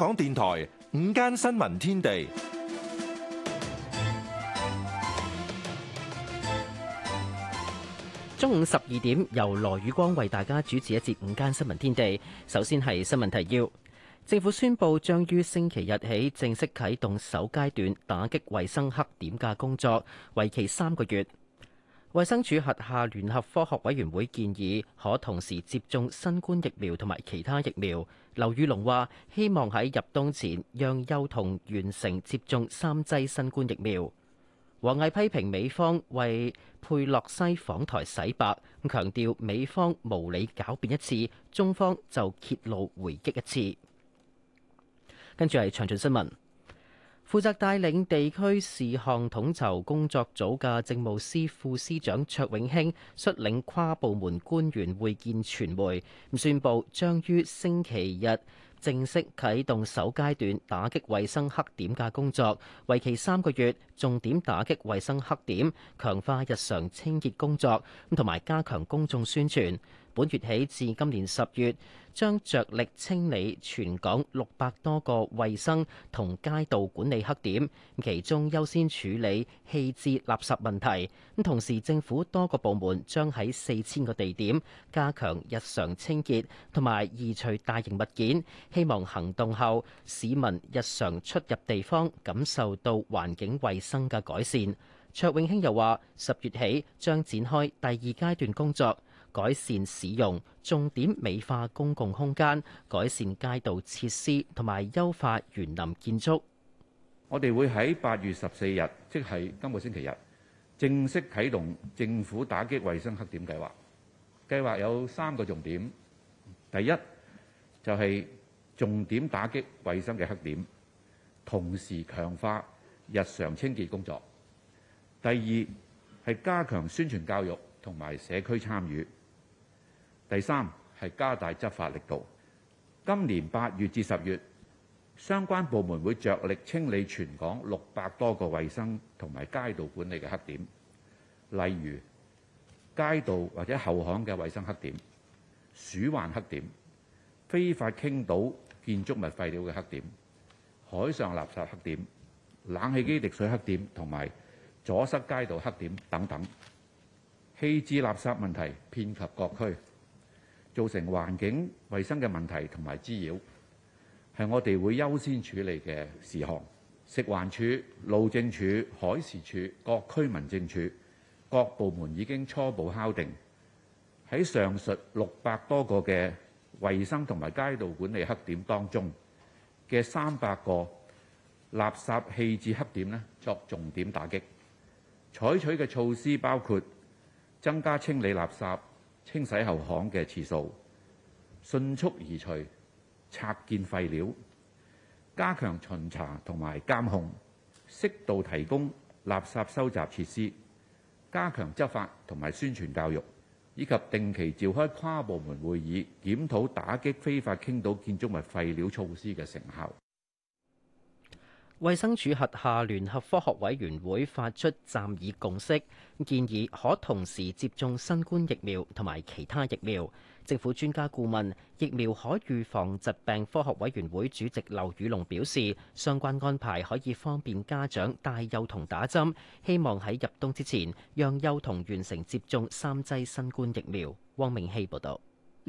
港電台午間新聞天地，中午十二點，由羅宇光為大家主持一節午間新聞天地。首先係新聞提要，政府宣布將於星期日起正式啟動首階段打擊衛生黑點價工作，為期三個月。衛生署轄下聯合科學委員會建議，可同時接種新冠疫苗同埋其他疫苗。劉宇龍話：希望喺入冬前讓幼童完成接種三劑新冠疫苗。王毅批評美方為佩洛西訪台洗白，咁強調美方無理狡辯一次，中方就揭露回擊一次。跟住係詳盡新聞。負責帶領地區事項統籌工作組嘅政務司副司長卓永興率領跨部門官員會見傳媒，宣布將於星期日正式啟動首階段打擊衛生黑點嘅工作，為期三個月，重點打擊衛生黑點，強化日常清潔工作，同埋加強公眾宣傳。本月起至今年十月，將着力清理全港六百多個衛生同街道管理黑點，其中優先處理棄置垃圾問題，同時政府多個部門將喺四千個地點加強日常清潔同埋移除大型物件，希望行動後市民日常出入地方感受到環境衛生嘅改善。卓永興又話，十月起將展開第二階段工作。改善使用，重點美化公共空間，改善街道設施，同埋優化園林建築。我哋會喺八月十四日，即係今個星期日，正式啟動政府打擊衛生黑點計劃。計劃有三個重點：第一，就係重點打擊衛生嘅黑點，同時強化日常清潔工作；第二，係加強宣傳教育同埋社區參與。第三係加大執法力度。今年八月至十月，相關部門會着力清理全港六百多個衛生同埋街道管理嘅黑點，例如街道或者後巷嘅衛生黑點、鼠患黑點、非法傾倒建築物廢料嘅黑點、海上垃圾黑點、冷氣機滴水黑點同埋阻塞街道黑點等等。棄置垃圾問題遍及各區。造成環境衞生嘅問題同埋滋擾，係我哋會優先處理嘅事項。食環署、路政署、海事處、各區民政處、各部門已經初步敲定，喺上述六百多個嘅衞生同埋街道管理黑點當中嘅三百個垃圾棄置黑點咧，作重點打擊。採取嘅措施包括增加清理垃圾、清洗後巷嘅次數，迅速移除拆建廢料，加強巡查同埋監控，適度提供垃圾收集設施，加強執法同埋宣傳教育，以及定期召開跨部門會議，檢討打擊非法傾倒建築物廢料措施嘅成效。衛生署轄下聯合科學委員會發出暫擬共識建議，可同時接種新冠疫苗同埋其他疫苗。政府專家顧問疫苗可預防疾病科學委員會主席劉宇隆表示，相關安排可以方便家長帶幼童打針，希望喺入冬之前讓幼童完成接種三劑新冠疫苗。汪明希報道。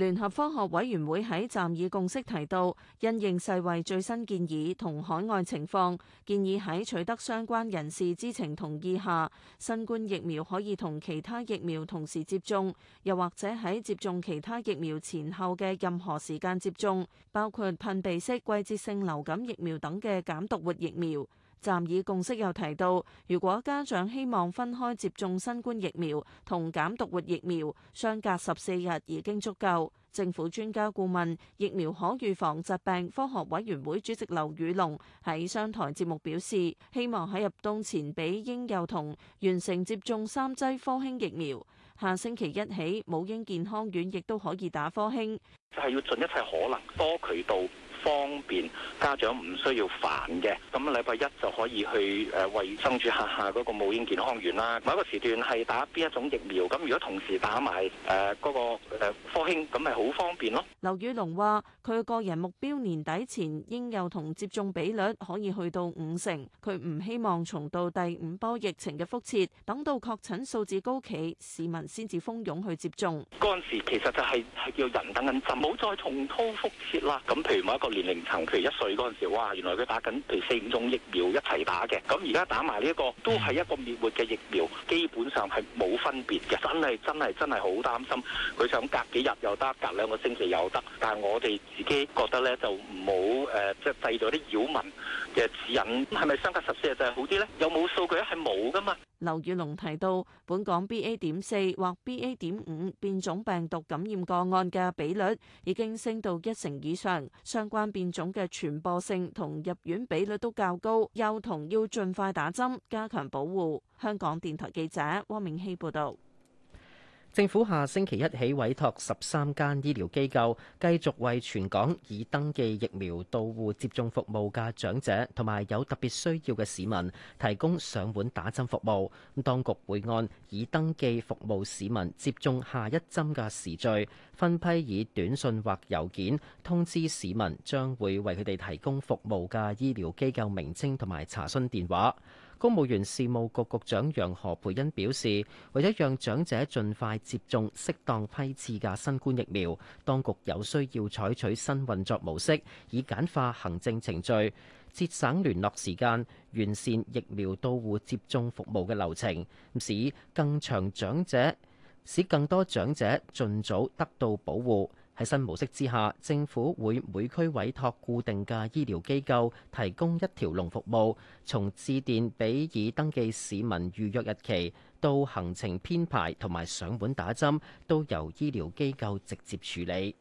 聯合科學委員會喺暫議共識提到，因應世衛最新建議同海外情況，建議喺取得相關人士知情同意下，新冠疫苗可以同其他疫苗同時接種，又或者喺接種其他疫苗前後嘅任何時間接種，包括噴鼻式季節性流感疫苗等嘅減毒活疫苗。暫以共識又提到，如果家長希望分開接種新冠疫苗同減毒活疫苗，相隔十四日已經足夠。政府專家顧問，疫苗可預防疾病科學委員會主席劉宇隆喺商台節目表示，希望喺入冬前俾嬰幼童完成接種三劑科興疫苗，下星期一起母嬰健康院亦都可以打科興。就係要盡一切可能多渠道。方便家長唔需要煩嘅，咁禮拜一就可以去誒衛、呃、生署吓下嗰個母嬰健康院啦。某一個時段係打邊一種疫苗，咁如果同時打埋誒嗰個誒科興，咁咪好方便咯。劉宇龍話，佢個人目標年底前應有同接種比率可以去到五成，佢唔希望重到第五波疫情嘅覆轍，等到確診數字高企，市民先至蜂擁去接種，嗰陣時其實就係係要人等緊，就唔好再重蹈覆轍啦。咁譬如某一個。年齡層，譬如一歲嗰陣時，哇！原來佢打緊譬如四五種疫苗一齊打嘅，咁而家打埋呢一個都係一個滅活嘅疫苗，基本上係冇分別嘅。真係真係真係好擔心，佢想隔幾日又得，隔兩個星期又得，但係我哋自己覺得呢就唔好誒，即、呃、係制咗啲擾民嘅指引，係咪相隔十四日就係好啲呢？有冇數據？係冇噶嘛？劉宇龍提到，本港 BA. 點四或 BA. 點五變種病毒感染個案嘅比率已經升到一成以上，相關變種嘅傳播性同入院比率都較高，幼童要盡快打針加強保護。香港電台記者汪明希報導。政府下星期一起委託十三間醫療機構繼續為全港已登記疫苗到戶接種服務嘅長者同埋有特別需要嘅市民提供上門打針服務，當局會按已登記服務市民接種下一針嘅時序，分批以短信或郵件通知市民將會為佢哋提供服務嘅醫療機構名稱同埋查詢電話。公務員事務局局長楊何蓓茵表示，為咗讓長者盡快接種適當批次嘅新冠疫苗，當局有需要採取新運作模式，以簡化行政程序、節省聯絡時間、完善疫苗到戶接種服務嘅流程，使更長長者，使更多長者盡早得到保護。喺新模式之下，政府會每區委託固定嘅醫療機構提供一條龍服務，從致電俾已登記市民預約日期，到行程編排同埋上門打針，都由醫療機構直接處理。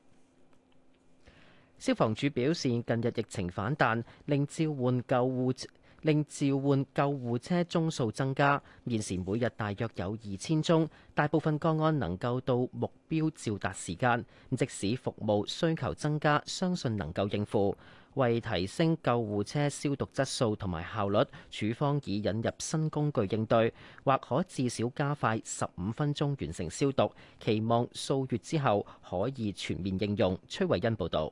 消防處表示，近日疫情反彈，令召喚救護。令召喚救護車宗數增加，現時每日大約有二千宗，大部分個案能夠到目標召達時間。即使服務需求增加，相信能夠應付。為提升救護車消毒質素同埋效率，處方已引入新工具應對，或可至少加快十五分鐘完成消毒。期望數月之後可以全面應用。崔慧恩報導。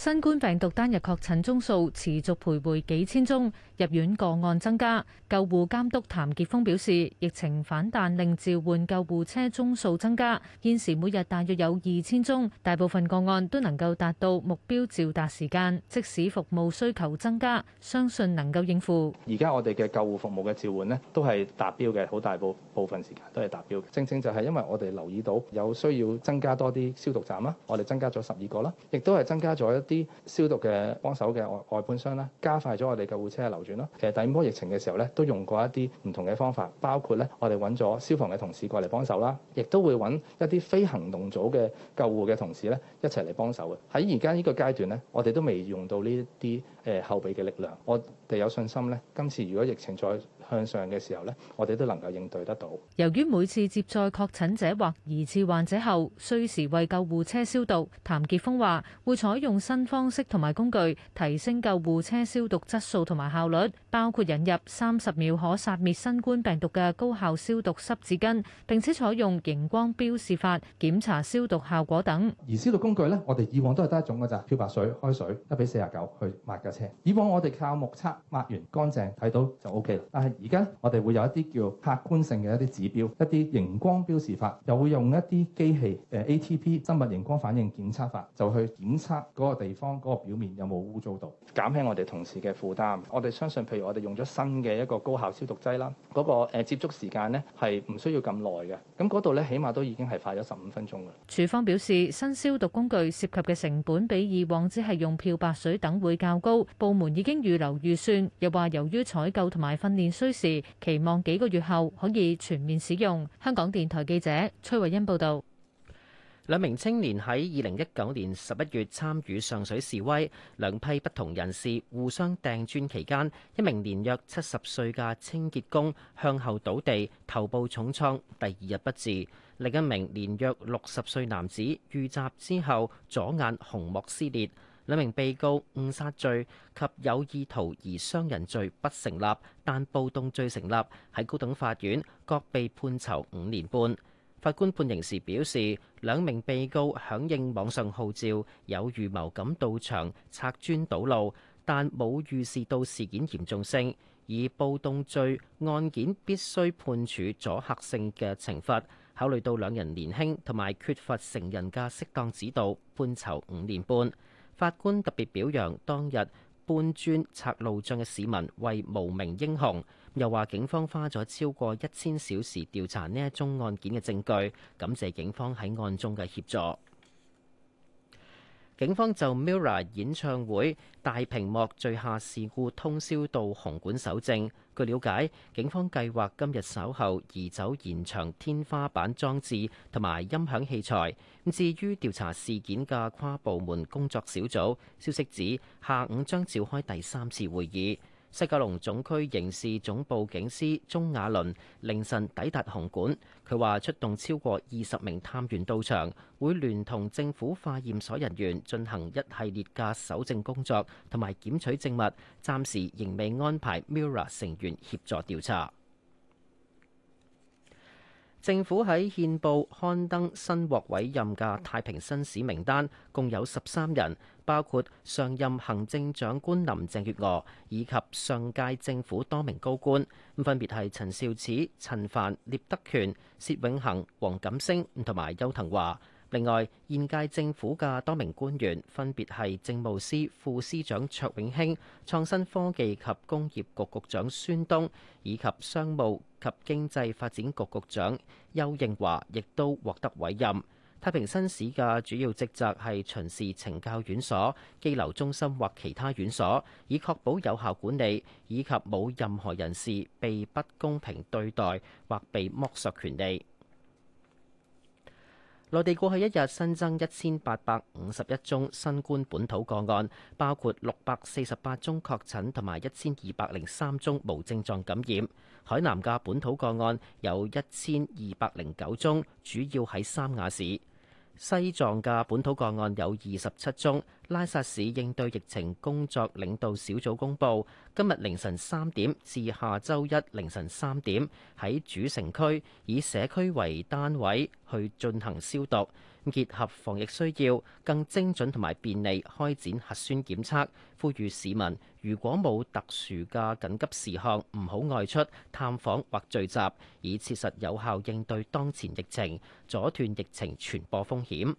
新冠病毒單日確診宗數持續徘徊幾千宗，入院個案增加。救護監督譚杰峰表示，疫情反彈令召喚救護車宗數增加，現時每日大約有二千宗，大部分個案都能夠達到目標召達時間，即使服務需求增加，相信能夠應付。而家我哋嘅救護服務嘅召喚呢都係達標嘅，好大部部分時間都係達標嘅，正正就係因為我哋留意到有需要增加多啲消毒站啦，我哋增加咗十二個啦，亦都係增加咗一。啲消毒嘅幫手嘅外外判商啦，加快咗我哋救護車嘅流轉咯。其實第二波疫情嘅時候咧，都用過一啲唔同嘅方法，包括咧我哋揾咗消防嘅同事過嚟幫手啦，亦都會揾一啲非行動組嘅救護嘅同事咧一齊嚟幫手嘅。喺而家呢個階段咧，我哋都未用到呢一啲誒後備嘅力量，我哋有信心咧，今次如果疫情再向上嘅時候呢，我哋都能夠應對得到。由於每次接載確診者或疑似患者後，需時為救護車消毒，譚傑峰話會採用新方式同埋工具，提升救護車消毒質素同埋效率，包括引入三十秒可殺滅新冠病毒嘅高效消毒濕紙巾，並且採用螢光標示法檢查消毒效果等。而消毒工具呢，我哋以往都係得一種㗎咋，漂白水、開水一比四十九去抹架車。以往我哋靠目測抹完乾淨，睇到就 O K 啦，但係而家我哋會有一啲叫客觀性嘅一啲指標，一啲熒光標示法，又會用一啲機器誒、呃、ATP 生物熒光反應檢測法，就去檢測嗰個地方嗰個表面有冇污糟度，減輕我哋同事嘅負擔。我哋相信，譬如我哋用咗新嘅一個高效消毒劑啦，嗰個誒接觸時間咧係唔需要咁耐嘅，咁嗰度咧起碼都已經係快咗十五分鐘啦。署方表示新消毒工具涉及嘅成本比以往只係用漂白水等會較高，部門已經預留預算，又話由於採購同埋訓練需。當時期望幾個月後可以全面使用。香港電台記者崔慧欣報道，兩名青年喺二零一九年十一月參與上水示威，兩批不同人士互相掟磚期間，一名年約七十歲嘅清潔工向後倒地，頭部重創，第二日不治；另一名年約六十歲男子遇襲之後，左眼虹膜撕裂。兩名被告誤殺罪及有意圖而傷人罪不成立，但暴動罪成立，喺高等法院各被判囚五年半。法官判刑時表示，兩名被告響應網上號召，有預謀咁到場拆磚堵路，但冇預示到事件嚴重性，以暴動罪案件必須判處阻嚇性嘅懲罰。考慮到兩人年輕同埋缺乏成人嘅適當指導，判囚五年半。法官特別表揚當日搬磚拆路障嘅市民為無名英雄，又話警方花咗超過一千小時調查呢一宗案件嘅證據，感謝警方喺案中嘅協助。警方就 MIRROR 演唱會大屏幕墜下事故通宵到紅館搜證。據了解，警方計劃今日稍後移走現場天花板裝置同埋音響器材。至於調查事件嘅跨部門工作小組，消息指下午將召開第三次會議。西九龍總區刑事總部警司鍾雅倫凌晨抵達紅館，佢話出動超過二十名探員到場，會聯同政府化驗所人員進行一系列嘅搜證工作，同埋檢取證物。暫時仍未安排 MIRROR 成員協助調查。政府喺憲報刊登新獲委任嘅太平紳士名單，共有十三人，包括上任行政長官林鄭月娥以及上屆政府多名高官，分別係陳肇始、陳帆、聶德權、薛永恒、黃錦星同埋邱騰華。另外，現屆政府嘅多名官員分別係政務司副司長卓永興、創新科技及工業局局長孫東以及商務及經濟發展局局長邱應華，亦都獲得委任。太平紳士嘅主要職責係巡視懲教院所、羈留中心或其他院所，以確保有效管理，以及冇任何人士被不公平對待或被剝削權利。內地過去一日新增一千八百五十一宗新冠本土個案，包括六百四十八宗確診同埋一千二百零三宗無症狀感染。海南嘅本土個案有一千二百零九宗，主要喺三亞市。西藏嘅本土個案有二十七宗。拉薩市應對疫情工作領導小組公布，今日凌晨三點至下周一凌晨三點喺主城區以社區為單位去進行消毒，結合防疫需要，更精準同埋便利開展核酸檢測，呼籲市民如果冇特殊嘅緊急事項唔好外出探訪或聚集，以切實有效應對當前疫情，阻斷疫情傳播風險。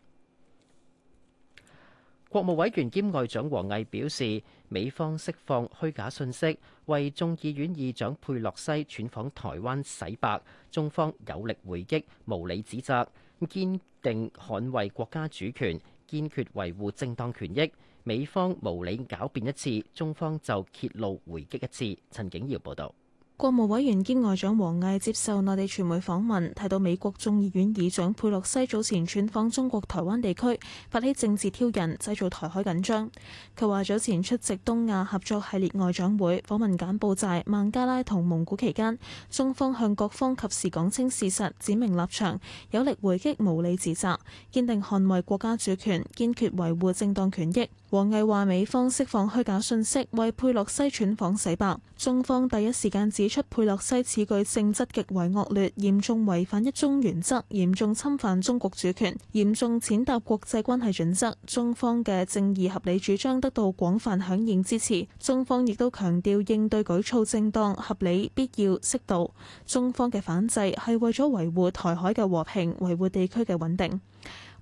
國務委員兼外長王毅表示，美方釋放虛假信息，為眾議院議長佩洛西竄訪台灣洗白，中方有力回擊無理指責，堅定捍衛國家主權，堅決維護正當權益。美方無理狡辯一次，中方就揭露回擊一次。陳景堯報導。國務委員兼外長王毅接受內地傳媒訪問，提到美國眾議院議長佩洛西早前竄訪中國台灣地區，發起政治挑釁，製造台海緊張。佢話早前出席東亞合作系列外長會，訪問柬埔寨、孟加拉同蒙古期間，中方向各方及時講清事實，指明立場，有力回擊無理指責，堅定捍衛國家主權，堅決維護正當權益。王毅話美方釋放虛假信息，為佩洛西竄訪洗白，中方第一時間指出佩洛西此舉性質極為惡劣，嚴重違反一中原則，嚴重侵犯中國主權，嚴重踐踏國際關係準則，中方嘅正義合理主張得到廣泛響應支持。中方亦都強調應對舉措正當合理、必要、適度。中方嘅反制係為咗維護台海嘅和平，維護地區嘅穩定。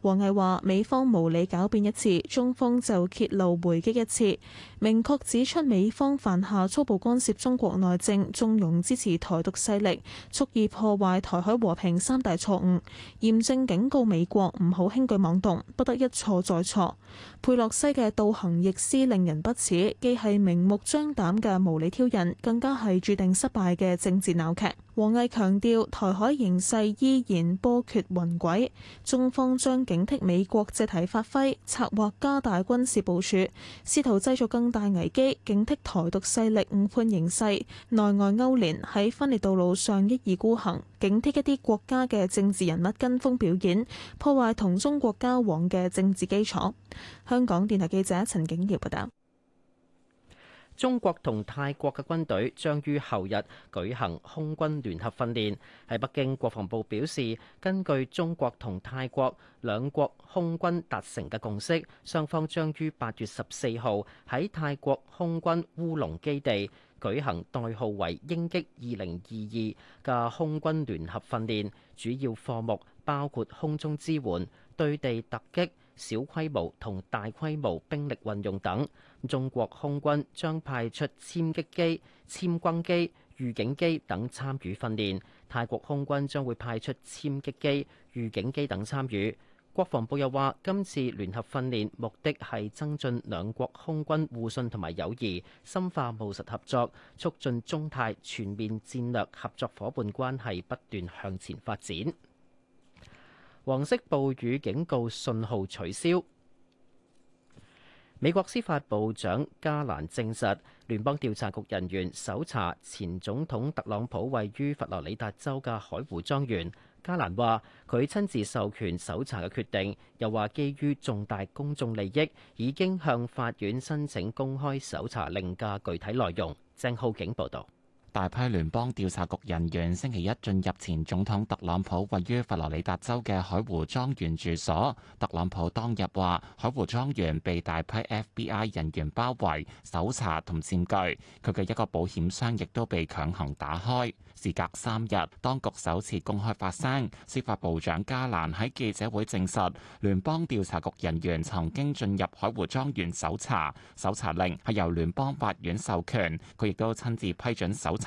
王毅話：美方無理狡辯一次，中方就揭露回擊一次。明確指出美方犯下粗暴干涉中國內政、縱容支持台獨勢力、蓄意破壞台海和平三大錯誤，嚴正警告美國唔好輕舉妄動，不得一錯再錯。佩洛西嘅倒行逆施令人不齒，既係明目張膽嘅無理挑釁，更加係注定失敗嘅政治鬧劇。王毅強調，台海形勢依然波譎雲詭，中方將警惕美國借題發揮，策劃加大軍事部署，試圖製造更大危機，警惕台獨勢力誤判形勢，內外勾連喺分裂道路上一意孤行，警惕一啲國家嘅政治人物跟風表演，破壞同中國交往嘅政治基礎。香港電台記者陳景瑤報道。中國同泰國嘅軍隊將於後日舉行空軍聯合訓練。喺北京國防部表示，根據中國同泰國兩國空軍達成嘅共識，雙方將於八月十四號喺泰國空軍烏龍基地舉行代號為「鷹擊二零二二」嘅空軍聯合訓練，主要課目包括空中支援、對地突擊，小規模同大規模兵力運用等，中國空軍將派出殲擊機、殲軍機、預警機等參與訓練，泰國空軍將會派出殲擊機、預警機等參與。國防部又話，今次聯合訓練目的係增進兩國空軍互信同埋友誼，深化務實合作，促進中泰全面戰略合作伙伴關係不斷向前發展。黃色暴雨警告信號取消。美國司法部長加蘭證實，聯邦調查局人員搜查前總統特朗普位於佛羅里達州嘅海湖莊園。加蘭話：佢親自授權搜查嘅決定，又話基於重大公眾利益，已經向法院申請公開搜查令嘅具體內容。鄭浩景報導。大批聯邦調查局人員星期一進入前總統特朗普位於佛羅里達州嘅海湖莊園住所。特朗普當日話：海湖莊園被大批 FBI 人員包圍、搜查同佔據。佢嘅一個保險箱亦都被強行打開。事隔三日，當局首次公開發聲。司法部長加蘭喺記者會證實，聯邦調查局人員曾經進入海湖莊園搜查。搜查令係由聯邦法院授權。佢亦都親自批准搜查。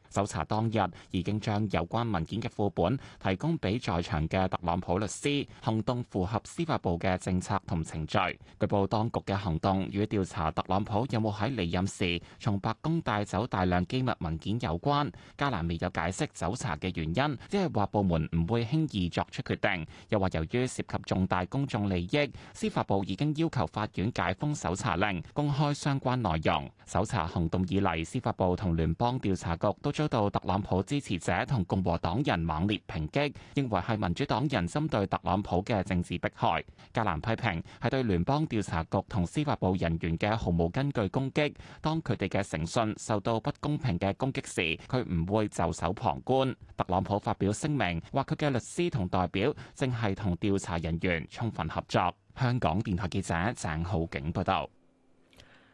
搜查當日已經將有關文件嘅副本提供俾在場嘅特朗普律師，行動符合司法部嘅政策同程序。據報當局嘅行動與調查特朗普有冇喺離任時從白宮帶走大量機密文件有關。加蘭未有解釋搜查嘅原因，即係話部門唔會輕易作出決定，又話由於涉及重大公眾利益，司法部已經要求法院解封搜查令，公開相關內容。搜查行動以嚟，司法部同聯邦調查局都將遭到特朗普支持者同共和黨人猛烈抨擊，認為係民主黨人針對特朗普嘅政治迫害。加蘭批評係對聯邦調查局同司法部人員嘅毫無根據攻擊。當佢哋嘅誠信受到不公平嘅攻擊時，佢唔會袖手旁觀。特朗普發表聲明，話佢嘅律師同代表正係同調查人員充分合作。香港電台記者鄭浩景報道。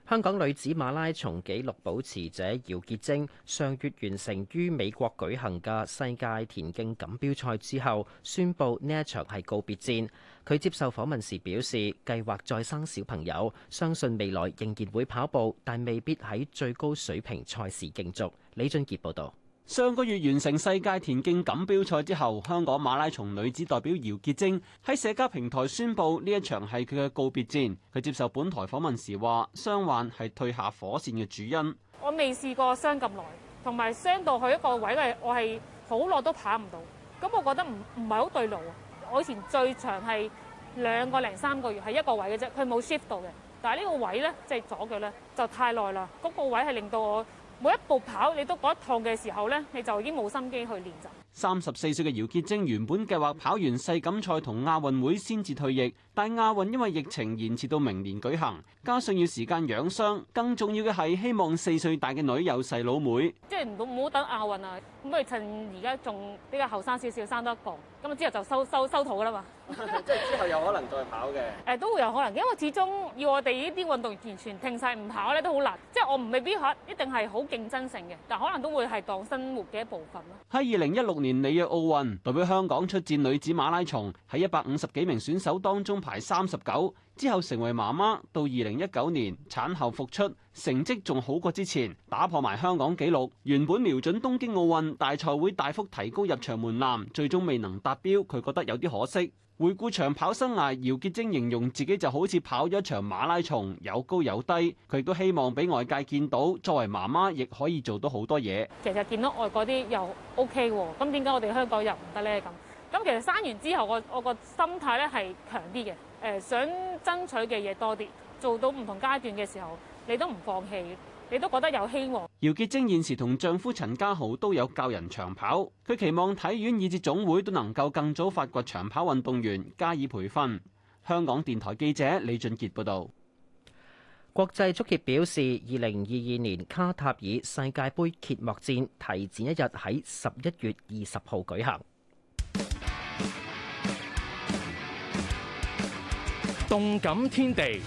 香港女子馬拉松紀錄保持者姚潔晶上月完成於美國舉行嘅世界田徑錦標賽之後，宣布呢一場係告別戰。佢接受訪問時表示，計劃再生小朋友，相信未來仍然會跑步，但未必喺最高水平賽事競逐。李俊傑報導。上個月完成世界田徑錦標賽之後，香港馬拉松女子代表姚潔貞喺社交平台宣布呢一場係佢嘅告別戰。佢接受本台訪問時話，傷患係退下火線嘅主因。我未試過傷咁耐，同埋傷到去一個位嘅，我係好耐都跑唔到。咁我覺得唔唔係好對路。我以前最長係兩個零三個月，係一個位嘅啫，佢冇 shift 到嘅。但係呢個位呢，即係左腳呢，就太耐啦。嗰個位係令到我。每一步跑，你都嗰一趟嘅時候咧，你就已經冇心機去練習。三十四歲嘅姚潔晶原本計劃跑完世錦賽同亞運會先至退役，但亞運因為疫情延遲到明年舉行，加上要時間養傷，更重要嘅係希望四歲大嘅女有細佬妹，即係唔好唔好等亞運啊，咁不如趁而家仲比較後生少少，生多一個，咁啊之後就收收收肚啦嘛，即係之後有可能再跑嘅，誒都會有可能，因為始終要我哋呢啲運動員完全停晒唔跑咧都好難，即係我唔未必一定係好競爭性嘅，但可能都會係當生活嘅一部分咯。喺二零一六年年里約奧運代表香港出戰女子馬拉松，喺一百五十幾名選手當中排三十九。之後成為媽媽，到二零一九年產後復出，成績仲好過之前，打破埋香港紀錄。原本瞄準東京奧運，大賽會大幅提高入場門檻，最終未能達標，佢覺得有啲可惜。回顧長跑生涯，姚潔貞形容自己就好似跑咗一場馬拉松，有高有低。佢都希望俾外界見到，作為媽媽亦可以做到好多嘢。其實見到外國啲又 OK 喎，咁點解我哋香港又唔得呢？咁，咁其實生完之後，我我個心態咧係強啲嘅。想爭取嘅嘢多啲，做到唔同階段嘅時候，你都唔放棄，你都覺得有希望。姚潔貞現時同丈夫陳家豪都有教人長跑，佢期望體院以至總會都能夠更早發掘長跑運動員加以培訓。香港電台記者李俊傑報道。國際足協表示，二零二二年卡塔爾世界盃揭幕戰提前一日喺十一月二十號舉行。動感天地。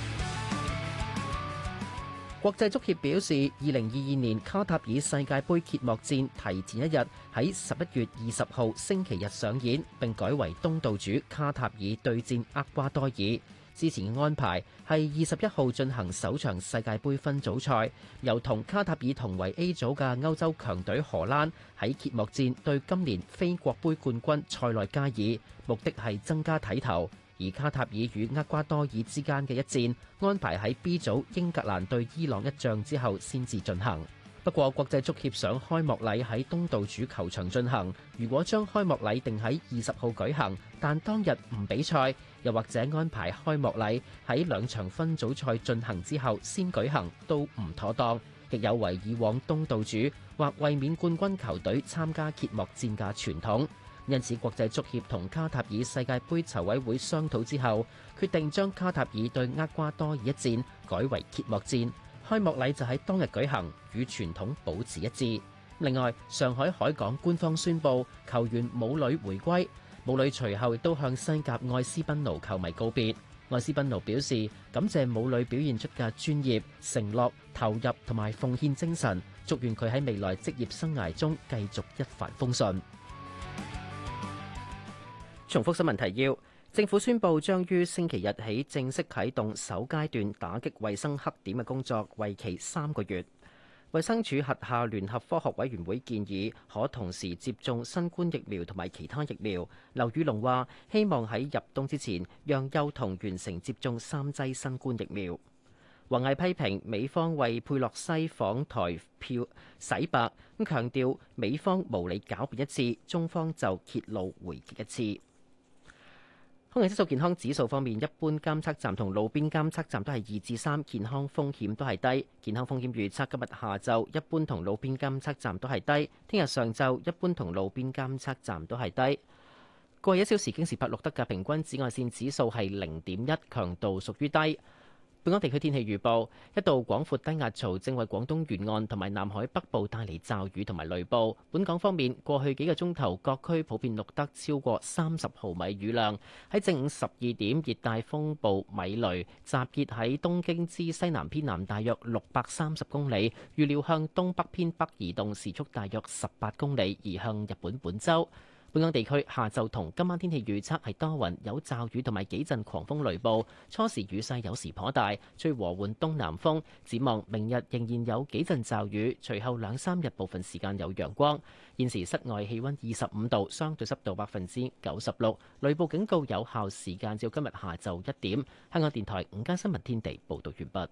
國際足協表示，二零二二年卡塔爾世界盃揭幕戰提前一日喺十一月二十號星期日上演，並改為東道主卡塔爾對戰厄瓜多爾。之前嘅安排係二十一號進行首場世界盃分組賽，由同卡塔爾同為 A 組嘅歐洲強隊荷蘭喺揭幕戰對今年非國盃冠軍塞內加爾，目的係增加睇頭。而卡塔爾與厄瓜多爾之間嘅一戰安排喺 B 組，英格蘭對伊朗一仗之後先至進行。不過國際足協想開幕禮喺東道主球場進行，如果將開幕禮定喺二十號舉行，但當日唔比賽，又或者安排開幕禮喺兩場分組賽進行之後先舉行，都唔妥當，亦有違以往東道主或衛冕冠軍球隊參加揭幕戰嘅傳統。因此，國際足協同卡塔爾世界杯籌委會商討之後決定將卡塔爾對厄瓜多爾一戰改為揭幕戰，開幕禮就喺當日舉行，與傳統保持一致。另外，上海海港官方宣布球員武磊回歸，武磊隨後亦都向西甲愛斯賓奴球迷告別，愛斯賓奴表示感謝武磊表現出嘅專業承諾、投入同埋奉獻精神，祝願佢喺未來職業生涯中繼續一帆風順。重複新聞提要：政府宣布將於星期日起正式啟動首階段打擊衛生黑點嘅工作，為期三個月。衛生署轄下聯合科學委員會建議，可同時接種新冠疫苗同埋其他疫苗。劉宇龍話：希望喺入冬之前，讓幼童完成接種三劑新冠疫苗。王毅批評美方為佩洛西訪台票洗白，咁強調美方無理狡辯一次，中方就揭露回擊一次。空氣質素健康指數方面，一般監測站同路邊監測站都係二至三，健康風險都係低。健康風險預測今日下晝一般同路邊監測站都係低，聽日上晝一般同路邊監測站都係低。過去一小時京士柏錄得嘅平均紫外線指數係零點一，強度屬於低。本港地區天氣預報：一道廣闊低壓槽正為廣東沿岸同埋南海北部帶嚟驟雨同埋雷暴。本港方面，過去幾個鐘頭各區普遍錄得超過三十毫米雨量。喺正午十二點，熱帶風暴米雷集結喺東京之西南偏南大約六百三十公里，預料向東北偏北移動，時速大約十八公里，移向日本本州。本港地區下晝同今晚天氣預測係多雲有驟雨同埋幾陣狂風雷暴，初時雨勢有時頗大，吹和緩東南風。展望明日仍然有幾陣驟雨，隨後兩三日部分時間有陽光。現時室外氣溫二十五度，相對濕度百分之九十六，雷暴警告有效時間至今日下晝一點。香港電台午間新聞天地報道完畢。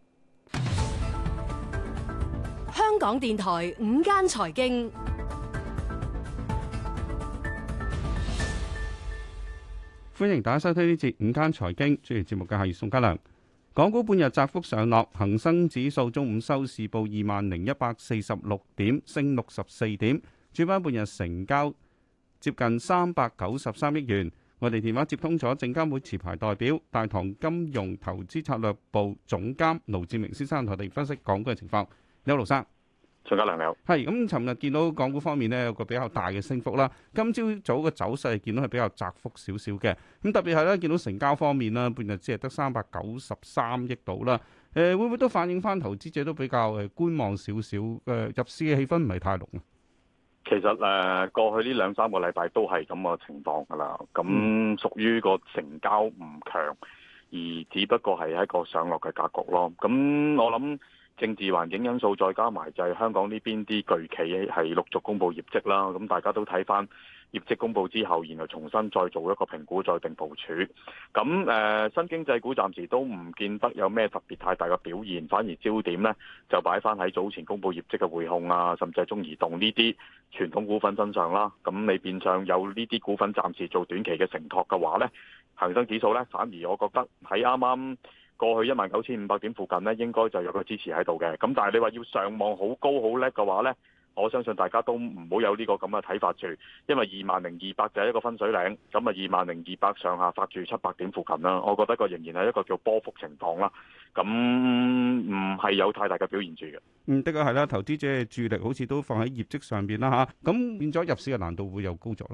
香港電台午間財經。歡迎大家收聽呢節午間財經，主持節目嘅係宋嘉良。港股半日窄幅上落，恒生指數中午收市報二萬零一百四十六點，升六十四點。主板半日成交接近三百九十三億元。我哋電話接通咗證監會持牌代表、大唐金融投資策略部總監盧志明先生，同我哋分析港股嘅情況。你好，盧生。除咗量油，係咁，尋日見到港股方面呢，有個比較大嘅升幅啦。今朝早嘅走勢見到係比較窄幅少少嘅。咁、嗯、特別係咧，見到成交方面啦，半日只係得三百九十三億度啦。誒、呃，會唔會都反映翻投資者都比較誒觀望少少？誒、呃，入市嘅氣氛唔係太濃。其實誒、呃，過去呢兩三個禮拜都係咁個情況噶啦。咁屬於個成交唔強，而只不過係一個上落嘅格局咯。咁我諗。政治環境因素再加埋就係香港呢邊啲巨企係陸續公布業績啦，咁大家都睇翻業績公佈之後，然後重新再做一個評估再定部署。咁誒、呃、新經濟股暫時都唔見得有咩特別太大嘅表現，反而焦點呢就擺翻喺早前公佈業績嘅匯控啊，甚至係中移動呢啲傳統股份身上啦。咁你變相有呢啲股份暫時做短期嘅承托嘅話，呢恒生指數呢，反而我覺得喺啱啱。過去一萬九千五百點附近咧，應該就有個支持喺度嘅。咁但係你話要上望好高好叻嘅話呢，我相信大家都唔好有呢個咁嘅睇法住，因為二萬零二百就係一個分水嶺，咁啊二萬零二百上下發住七百點附近啦。我覺得個仍然係一個叫波幅情況啦，咁唔係有太大嘅表現住嘅。嗯，的確係啦，投資者嘅注意力好似都放喺業績上邊啦嚇，咁、啊、變咗入市嘅難度會又高咗。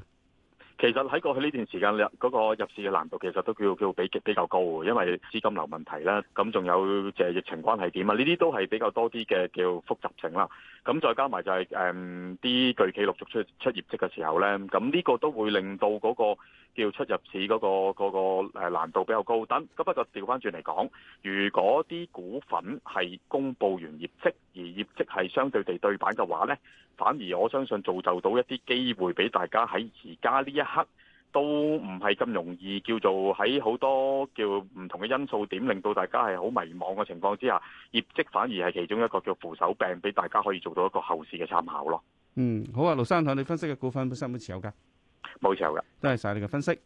其實喺過去呢段時間入嗰、嗰個入市嘅難度其實都叫叫比比較高嘅，因為資金流問題啦，咁仲有疫情關係點啊，呢啲都係比較多啲嘅叫複雜性啦。咁再加埋就係誒啲巨企陸續出出業績嘅時候呢，咁呢個都會令到嗰個叫出入市嗰、嗰個嗰、嗰個難度比較高。等咁不過調翻轉嚟講，如果啲股份係公布完業績而業績係相對地對,對版嘅話呢。反而我相信造就到一啲機會俾大家喺而家呢一刻都唔係咁容易，叫做喺好多叫唔同嘅因素點令到大家係好迷茫嘅情況之下，業績反而係其中一個叫扶手病，俾大家可以做到一個後市嘅參考咯。嗯，好啊，盧生，向你分析嘅股份本身冇持有噶？冇持有噶。多謝晒你嘅分析。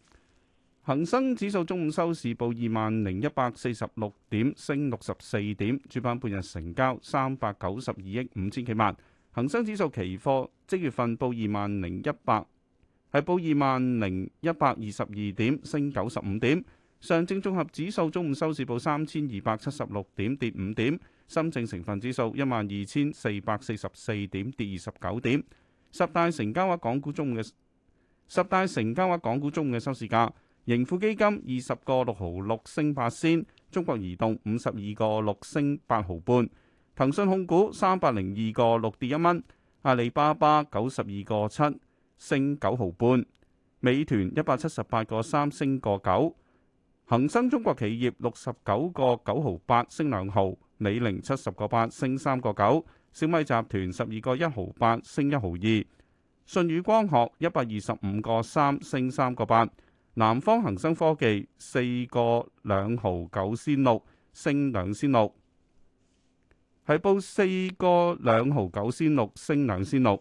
恒生指數中午收市報二萬零一百四十六點，升六十四點，主板半日成交三百九十二億五千幾萬。恒生指數期貨即月份報二萬零一百，係報二萬零一百二十二點，升九十五點。上證綜合指數中午收市報三千二百七十六點，跌五點。深證成分指數一萬二千四百四十四點，跌二十九點。十大成交額港股中嘅十大成交額港股中午嘅收市價，盈富基金二十個六毫六升八仙，中國移動五十二個六升八毫半。騰訊控股三百零二個六跌一蚊，阿里巴巴九十二個七升九毫半，美團一百七十八個三升個九，恒生中國企業六十九個九毫八升兩毫，李寧七十個八升三個九，小米集團十二個一毫八升一毫二，舜宇光學一百二十五個三升三個八，南方恒生科技四個兩毫九先六升兩先六。係煲四哥兩毫九仙六升兩仙六。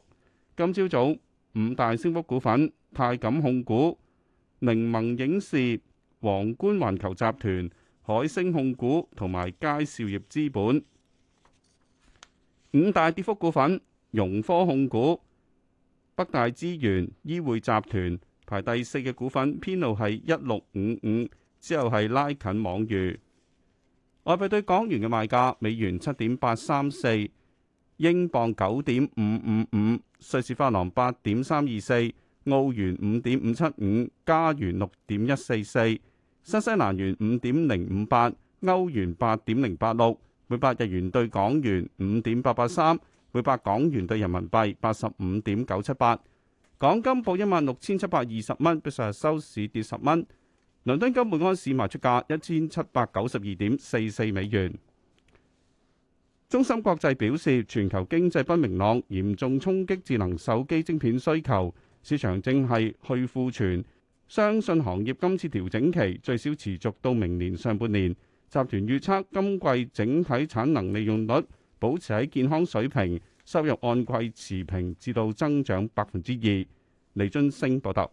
今朝早，早五大升幅股份：泰感控股、檸萌影視、皇冠環球集團、海星控股同埋佳兆業資本。五大跌幅股份：融科控股、北大資源、醫匯集團。排第四嘅股份，編號係一六五五，之後係拉近網娛。外幣對港元嘅賣價：美元七點八三四，英鎊九點五五五，瑞士法郎八點三二四，澳元五點五七五，加元六點一四四，新西蘭元五點零五八，歐元八點零八六，每百日元對港元五點八八三，每百港元對人民幣八十五點九七八。港金報一萬六千七百二十蚊，比上日收市跌十蚊。倫敦金每安市賣出價一千七百九十二點四四美元。中芯國際表示，全球經濟不明朗，嚴重衝擊智能手機晶片需求，市場正係去庫存。相信行業今次調整期最少持續到明年上半年。集團預測今季整體產能利用率保持喺健康水平，收入按季持平至到增長百分之二。李俊升報道。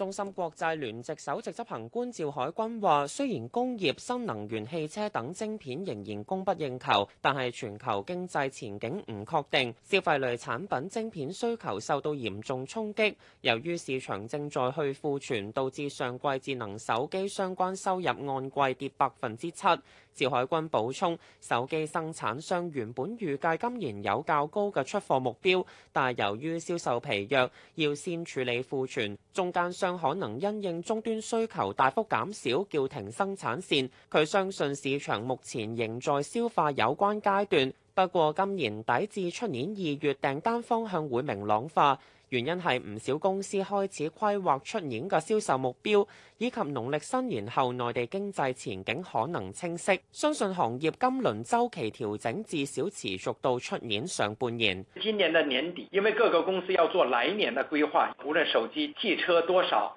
中心國際聯席首席執行官趙海軍話，雖然工業、新能源、汽車等晶片仍然供不應求，但係全球經濟前景唔確定，消費類產品晶片需求受到嚴重衝擊。由於市場正在去庫存，導致上季智能手機相關收入按季跌百分之七。趙海軍補充，手機生產商原本預計今年有較高嘅出貨目標，但由於銷售疲弱，要先處理庫存，中間商可能因應終端需求大幅減少，叫停生產線。佢相信市場目前仍在消化有關階段。不過今年底至出年二月訂單方向會明朗化，原因係唔少公司開始規劃出年嘅銷售目標，以及農曆新年後內地經濟前景可能清晰。相信行業今輪週期調整至少持續到出年上半年。今年的年底，因為各個公司要做來年的規劃，無論手機、汽車多少。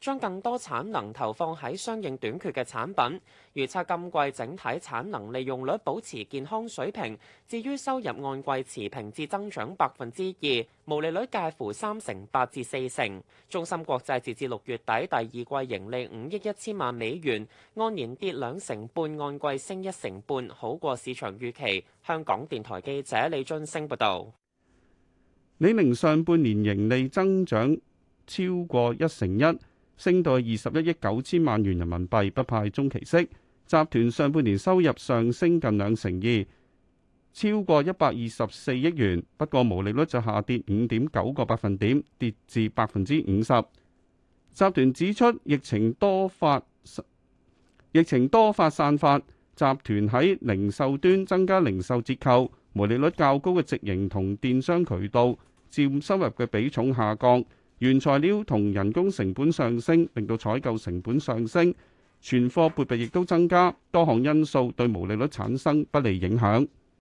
將更多產能投放喺相應短缺嘅產品，預測今季整體產能利用率保持健康水平。至於收入按季持平至增長百分之二，毛利率介乎三成八至四成。中芯國際截至六月底第二季盈利五億一千萬美元，按年跌兩成半，按季升一成半，好過市場預期。香港電台記者李津升報道。李寧上半年盈利增長超過一成一，升到二十一億九千萬元人民幣，不派中期息。集團上半年收入上升近兩成二，超過一百二十四億元。不過毛利率就下跌五點九個百分點，跌至百分之五十。集團指出，疫情多發，疫情多發散發，集團喺零售端增加零售折扣，毛利率較高嘅直營同電商渠道佔收入嘅比重下降。原材料同人工成本上升，令到採購成本上升，存貨撥備亦都增加，多項因素對毛利率產生不利影響。